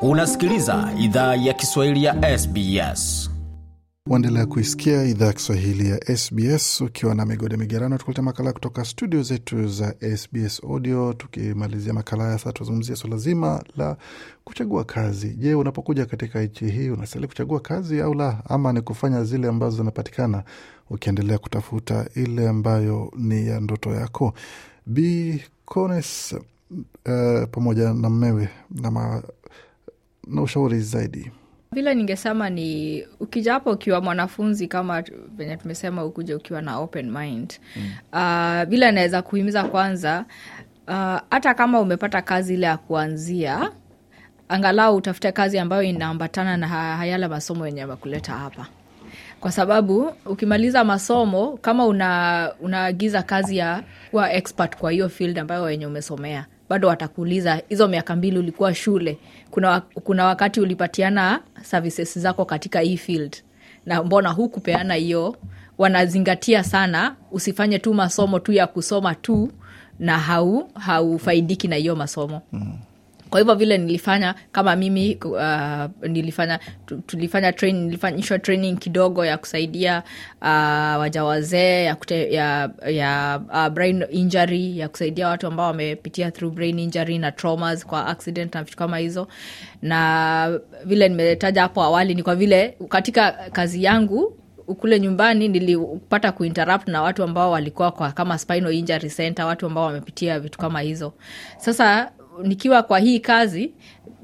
unasikiliza idhaa ya kiswahili ya sbs waendelea kuisikia idhaa ya kiswahili ya sbs ukiwa na migode migerano tukuleta makala kutoka studio zetu za sbs audio tukimalizia makala ya sasa tuzungumzia swala so zima la kuchagua kazi je unapokuja katika nchi hii unastahili kuchagua kazi au la ama ni kufanya zile ambazo zinapatikana ukiendelea kutafuta ile ambayo ni ya ndoto yako b uh, eh, pamoja na mmewe na ma, na ushauri zaidi. Vile ningesema ni ukijapo ukiwa mwanafunzi kama venye tumesema, ukuja ukiwa na open mind mm. Uh, vile anaweza kuhimiza kwanza, ah, hata uh, kama umepata kazi ile ya kuanzia, angalau utafute kazi ambayo inaambatana na hayala masomo yenye amekuleta hapa kwa sababu ukimaliza masomo kama una, unaagiza kazi ya kuwa expert kwa hiyo field ambayo wenye umesomea bado watakuuliza hizo miaka mbili ulikuwa shule kuna, kuna wakati ulipatiana services zako katika hii field na mbona kupeana hiyo wanazingatia sana usifanye tu masomo tu ya kusoma tu na hau haufaidiki na hiyo masomo mm kwa hivyo vile nilifanya kama mimi uh, nilifanya tulifanya train, nilifanyishwa training kidogo ya kusaidia uh, waja wazee ya, kute, ya, ya uh, brain injury ya kusaidia watu ambao wamepitia through brain injury na traumas kwa accident na vitu kama hizo na vile nimetaja hapo awali ni kwa vile katika kazi yangu kule nyumbani nilipata kuinterrupt na watu ambao walikuwa kwa kama spinal injury center watu ambao wamepitia vitu kama hizo sasa nikiwa kwa hii kazi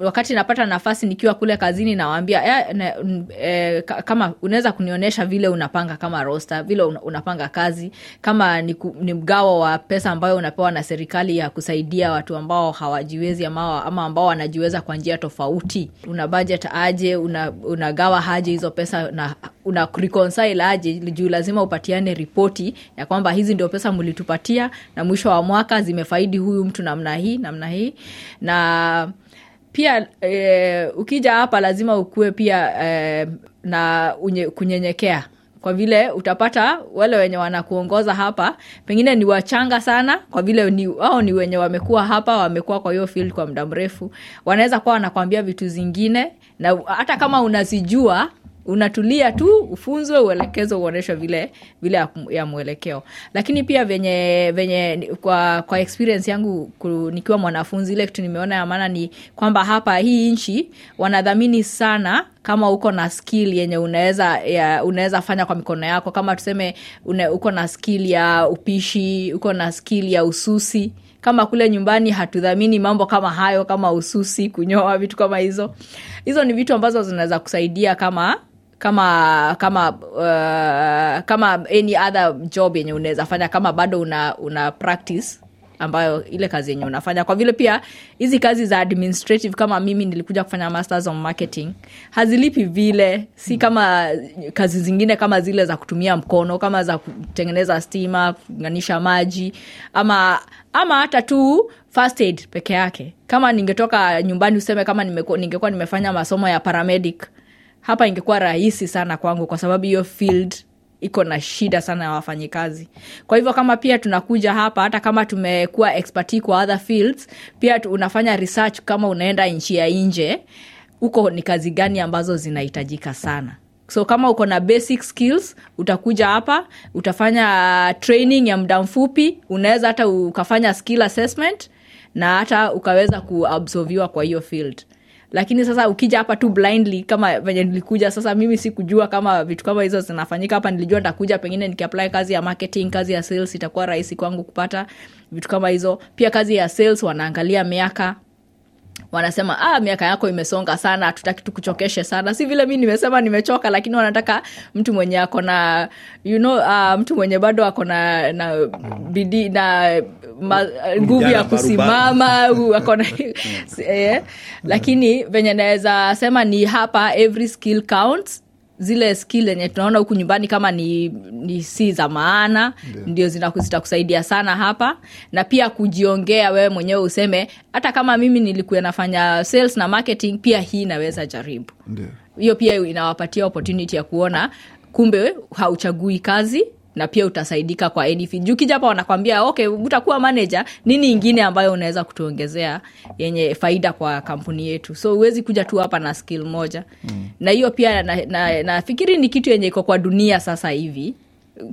wakati napata nafasi nikiwa kule kazini nawambia e, eh, ne, e, kama unaweza kunionyesha vile unapanga kama rosta vile unapanga kazi kama ni, ni mgawo wa pesa ambayo unapewa na serikali ya kusaidia watu ambao hawajiwezi ama, ama ambao wanajiweza kwa njia tofauti una budget aje una, unagawa haje hizo pesa na una reconcile aje juu lazima upatiane ripoti ya kwamba hizi ndio pesa mlitupatia na mwisho wa mwaka zimefaidi huyu mtu namna hii namna hii na pia e, ukija hapa lazima ukuwe pia e, na unye, kunyenyekea kwa vile utapata wale wenye wanakuongoza hapa pengine ni wachanga sana kwa vile ni, wao ni wenye wamekuwa hapa wamekuwa kwa hiyo field kwa muda mrefu wanaweza kuwa wanakwambia vitu zingine na hata kama unazijua unatulia tu ufunzwe uelekezo uonyeshwe vile vile ya mwelekeo lakini pia venye venye kwa kwa experience yangu nikiwa mwanafunzi ile kitu nimeona ya maana ni kwamba hapa hii nchi wanadhamini sana kama uko na skill yenye unaweza unaweza fanya kwa mikono yako kama tuseme une, uko na skill ya upishi uko na skill ya ususi kama kule nyumbani hatudhamini mambo kama hayo kama ususi kunyoa vitu kama hizo hizo ni vitu ambazo zinaweza kusaidia kama kama kama uh, kama any other job yenye unaweza fanya kama bado una, una practice ambayo ile kazi yenye unafanya kwa vile pia hizi kazi za administrative kama mimi nilikuja kufanya masters on marketing hazilipi vile si mm. kama kazi zingine kama zile za kutumia mkono kama za kutengeneza stima kuunganisha maji ama ama hata tu first aid peke yake kama ningetoka nyumbani useme kama ningekuwa nimefanya masomo ya paramedic mm hapa ingekuwa rahisi sana kwangu kwa sababu hiyo field iko na shida sana ya wafanyikazi kwa hivyo kama pia tunakuja hapa hata kama tumekuwa expert kwa other fields pia unafanya research kama unaenda nchi ya nje huko ni kazi gani ambazo zinahitajika sana so kama uko na basic skills utakuja hapa utafanya training ya muda mfupi unaweza hata ukafanya skill assessment na hata ukaweza kuabsolviwa kwa hiyo field lakini sasa ukija hapa tu blindly kama venye nilikuja sasa mimi sikujua kama vitu kama hizo zinafanyika hapa nilijua ntakuja pengine nikiapply kazi ya marketing kazi ya sales itakuwa rahisi kwangu kupata vitu kama hizo pia kazi ya sales wanaangalia miaka wanasema ah, miaka yako imesonga sana hatutaki tukuchokeshe sana si vile mi nimesema nimechoka lakini wanataka mtu mwenye ako na you know, uh, mtu mwenye bado ako na, na bidii na nguvu ya kusimama akona yeah. lakini venye naweza sema ni hapa every skill counts zile skill enye tunaona huku nyumbani kama ni, ni si za maana yeah. ndio zitakusaidia sana hapa na pia kujiongea wewe mwenyewe useme hata kama mimi nilikuwa nafanya sales na marketing pia hii inaweza jaribu hiyo yeah. pia inawapatia opportunity ya kuona kumbe hauchagui kazi na pia utasaidika kwa anything wanakwambia okay utakuwa manaja nini ingine ambayo unaweza kutuongezea yenye faida kwa kampuni yetu so huwezi kuja tu hapa na skill moja mm. na hiyo pia nafikiri na, na, na ni kitu yenye iko kwa dunia sasa hivi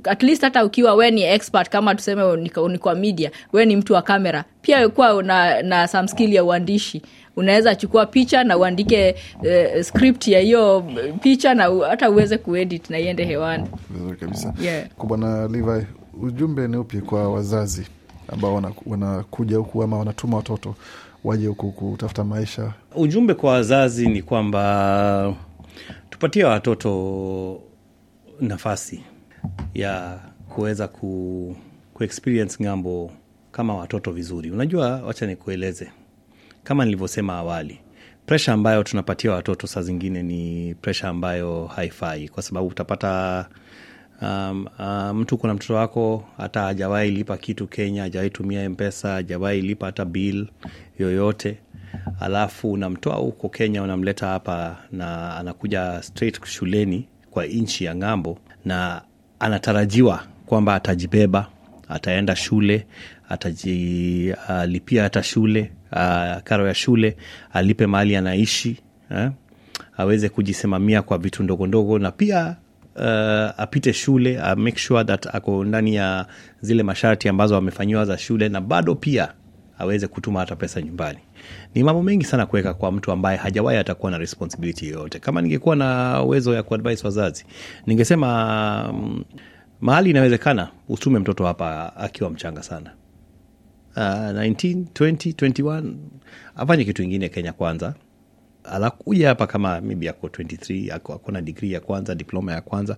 at least hata ukiwa we ni expert kama tuseme ni kwa media we ni mtu wa kamera pia kuwa na, na some skill ya uandishi unaweza chukua picha na uandike uh, script ya hiyo eh, picha na hata uweze kuedit na iende hewani vizuri kabisa yeah. kubwana levi ujumbe ni upi kwa wazazi ambao wanakuja huku ama wanatuma watoto waje huku kutafuta maisha ujumbe kwa wazazi ni kwamba tupatie watoto nafasi ya kuweza ku, ku experience ng'ambo kama watoto vizuri unajua wacha nikueleze kama nilivyosema awali presha ambayo tunapatia watoto saa zingine ni presha ambayo haifai kwa sababu utapata um, uh, mtu kuna mtoto wako hata ajawai lipa kitu kenya ajawai tumia mpesa ajawai lipa hata bill yoyote alafu unamtoa huko kenya unamleta hapa na anakuja straight shuleni kwa nchi ya ng'ambo na anatarajiwa kwamba atajibeba ataenda shule, atalipia hata shule a, karo ya shule, alipe mahali anaishi eh, aweze kujisimamia kwa vitu ndogondogo na pia Uh, apite shule a make sure that ako ndani ya zile masharti ambazo amefanyiwa za shule, na bado pia aweze kutuma hata pesa nyumbani. Ni mambo mengi sana kuweka kwa mtu ambaye hajawai atakuwa na responsibility yoyote. Kama ningekuwa na uwezo ya kuadvise wazazi, ningesema um, mahali inawezekana utume mtoto hapa akiwa mchanga sana. Uh, 19, 20, 21 afanye kitu ingine Kenya kwanza, alakuja hapa kama maybe ako 23 ako, ako na digri ya kwanza, diploma ya kwanza,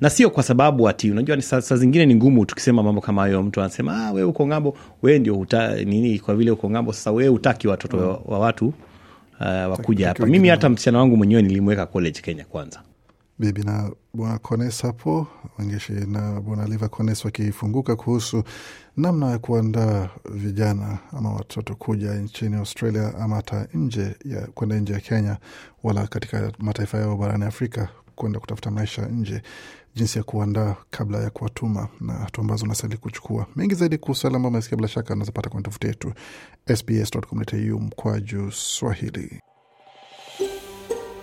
na sio kwa sababu ati unajua saa, saa zingine ni ngumu tukisema mambo kama hayo, mtu anasema ah, we uko ng'ambo, we ndio uta, nini kwa vile uko ng'ambo, sasa we utaki watoto mm. wa, wa watu uh, wakuja hapa. Mimi hata msichana wangu mwenyewe nilimweka college Kenya kwanza bibi na bwana Kones hapo wangeshi na bwana Liva Kones wakifunguka kuhusu namna ya kuandaa vijana ama watoto kuja nchini Australia ama hata nje ya kwenda nje ya Kenya wala katika mataifa yao barani Afrika kwenda kutafuta maisha nje, jinsi ya kuandaa kabla ya kuwatuma na hatua ambazo unastahili kuchukua. Mengi zaidi kuhusu yale ambayo umesikia, bila shaka unazapata kwenye tovuti yetu sbs.com.au mkwaju Swahili.